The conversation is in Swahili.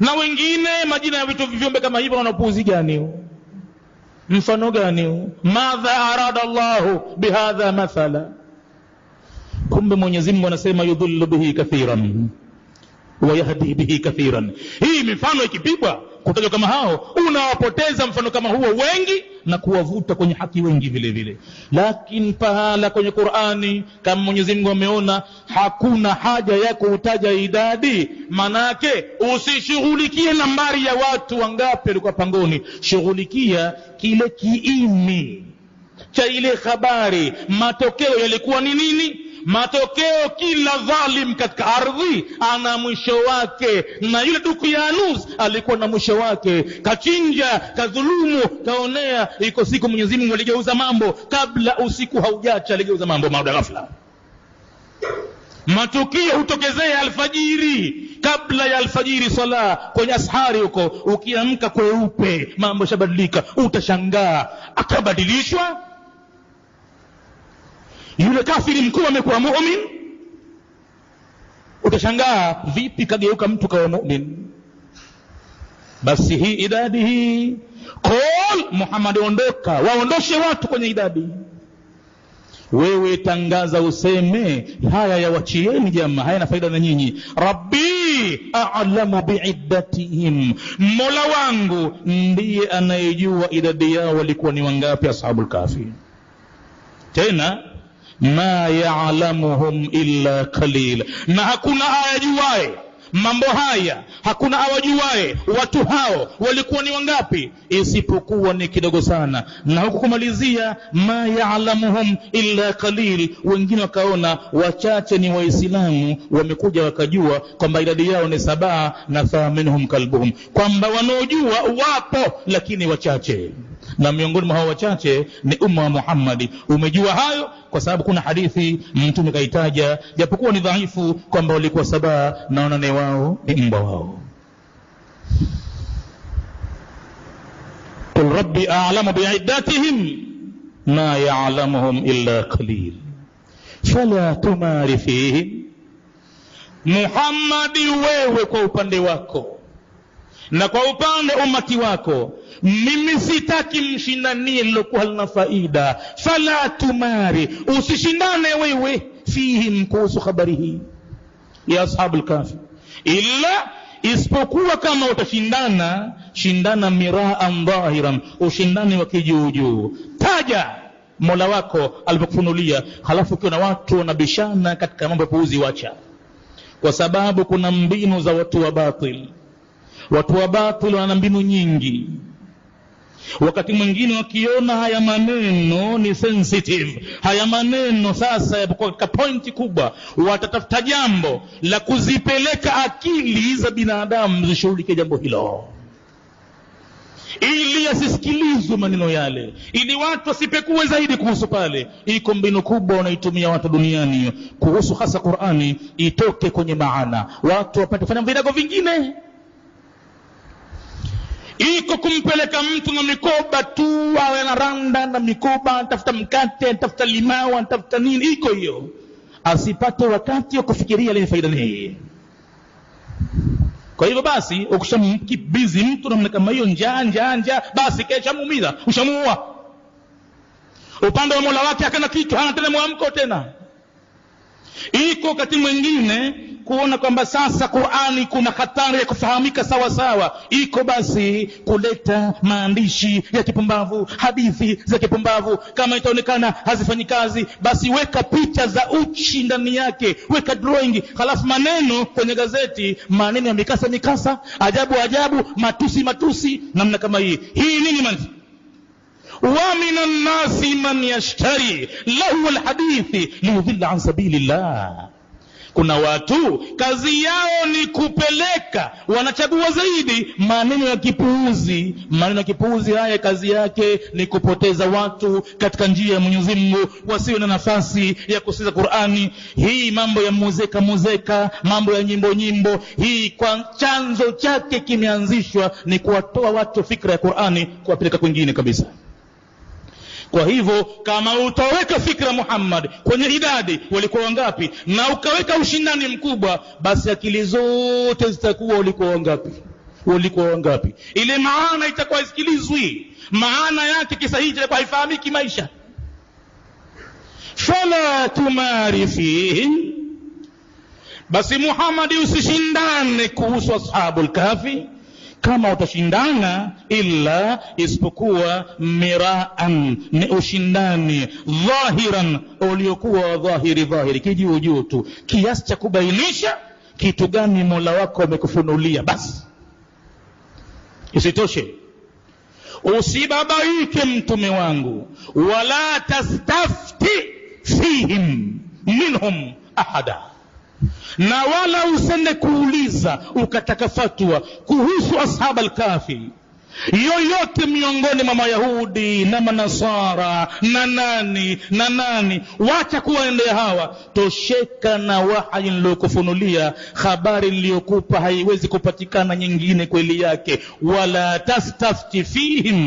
na wengine majina ya vitu viumbe kama hivyo wanapuuzi gani mfano gani madha arada llahu bihadha mathala kumbe Mwenyezi Mungu anasema yudhillu bihi kathiran wa yahdi bihi kathiran hii mifano ikipigwa kutajwa kama hao unawapoteza mfano kama huo wengi na kuwavuta kwenye haki wengi vile vile. Lakini pahala kwenye Qur'ani, kama Mwenyezi Mungu ameona hakuna haja ya kuutaja idadi, manake usishughulikie nambari ya watu wangapi walikuwa pangoni, shughulikia kile kiini cha ile habari, matokeo yalikuwa ni nini Matokeo kila dhalim katika ardhi ana mwisho wake, na yule duku ya Anus alikuwa na mwisho wake. Kachinja, kadhulumu, kaonea, iko siku Mwenyezi Mungu aligeuza mambo, kabla usiku haujacha aligeuza mambo mada ghafla. Matukio hutokezea alfajiri, kabla ya alfajiri sala kwenye ashari huko, ukiamka kweupe, mambo shabadilika, utashangaa akabadilishwa yule kafiri mkuu amekuwa mumin utashangaa vipi kageuka mtu kawa mumin basi hii idadi hii kol muhammad ondoka waondoshe watu kwenye idadi wewe tangaza useme haya yawachieni jama haya na faida na nyinyi rabbi a'lamu biiddatihim mola wangu ndiye anayejua idadi yao walikuwa ni wangapi ashabu lkafi tena ma ya'lamuhum illa qalil, na hakuna ayajuaye mambo haya, hakuna awajuaye watu hao walikuwa ni wangapi, isipokuwa ni kidogo sana. Na huku kumalizia ma ya'lamuhum illa qalil, wengine wakaona wachache ni Waislamu, wamekuja wakajua kwamba idadi yao ni sabaa na thaminhum kalbuhum, kwamba wanaojua wapo lakini wachache na miongoni mwa hao wachache ni umma wa Muhammad. Umejua hayo kwa sababu kuna hadithi mtume kaitaja, japokuwa ni dhaifu, kwamba walikuwa saba na wanane wao ni mbwa wao. Qul rabbi a'lamu bi'iddatihim ma ya'lamuhum illa qalil fala tumari fihim, Muhammadi, wewe kwa upande wako na kwa upande umati wako mimi sitaki mshindanie lilokuwa lina faida. Fala tumari, usishindane wewe fihim, kuhusu habari hii ya ashabul lkafi, illa isipokuwa kama utashindana shindana miraan dhahiran, ushindani wa kijuujuu. Taja mola wako alivyokufunulia halafu ukiwa na watu wanabishana katika mambo ya puuzi, wacha, kwa sababu kuna mbinu za watu wa batil. Watu wa batil wana mbinu nyingi Wakati mwingine wakiona haya maneno ni sensitive, haya maneno sasa yapokuwa katika pointi kubwa, watatafuta jambo la kuzipeleka akili za binadamu zishughulike jambo hilo ili yasisikilizwe maneno yale, ili watu wasipekue zaidi kuhusu pale. Iko mbinu kubwa wanaitumia watu duniani kuhusu hasa Qur'ani, itoke kwenye maana, watu wapate kufanya vidago vingine iko kumpeleka mtu na mikoba tu, awe na randa na mikoba, anatafuta mkate, anatafuta limao, anatafuta nini, iko hiyo, asipate wakati wa kufikiria lenye faida ni hii. Kwa hivyo basi, ukishamkibizi mtu namna kama hiyo, njaa njaa njaa, basi muumiza, ushamuua. Upande wa mola wake hakana kitu, hana tena mwamko tena. Iko wakati mwingine kuona kwamba sasa Qur'ani kuna hatari ya kufahamika sawa sawa, iko basi kuleta maandishi ya kipumbavu, hadithi za kipumbavu. Kama itaonekana hazifanyi kazi, basi weka picha za uchi ndani yake, weka drawing, halafu maneno kwenye gazeti, maneno ya mikasa mikasa, ajabu ajabu, matusi matusi, namna kama hii. Hii nini man wa minan nasi man yashtari lahu alhadithi liyudhilla an sabilillah kuna watu kazi yao ni kupeleka, wanachagua zaidi maneno ya kipuuzi. Maneno ya kipuuzi haya kazi yake ni kupoteza watu katika njia ya Mwenyezi Mungu, wasiwe na nafasi ya kusikiza Qur'ani. Hii mambo ya muzeka muzeka, mambo ya nyimbo nyimbo, hii kwa chanzo chake kimeanzishwa ni kuwatoa watu fikra ya Qur'ani, kuwapeleka kwingine kabisa. Kwa hivyo kama utaweka fikra Muhammad kwenye idadi walikuwa wangapi, na ukaweka ushindani mkubwa, basi akili zote zitakuwa walikuwa wangapi, walikuwa wangapi. Ile maana itakuwa isikilizwi, maana yake kisahihi itakuwa haifahamiki maisha. Fala tumari basi Muhammad usishindane kuhusu ashabul kahfi kama utashindana illa isipokuwa miraan ni ushindani dhahiran uliokuwa dhahiri dhahiri kijuu tu kiasi cha kubainisha kitu gani Mola wako amekufunulia basi isitoshe usibabaike mtume wangu wala tastafti fihim minhum ahada na wala usende kuuliza ukataka fatwa kuhusu ashab alkafi yoyote miongoni mwa mayahudi na manasara na nani na nani wacha kuwaendea hawa tosheka na wahayi niliyokufunulia habari niliyokupa haiwezi kupatikana nyingine kweli yake wala tastafti fihim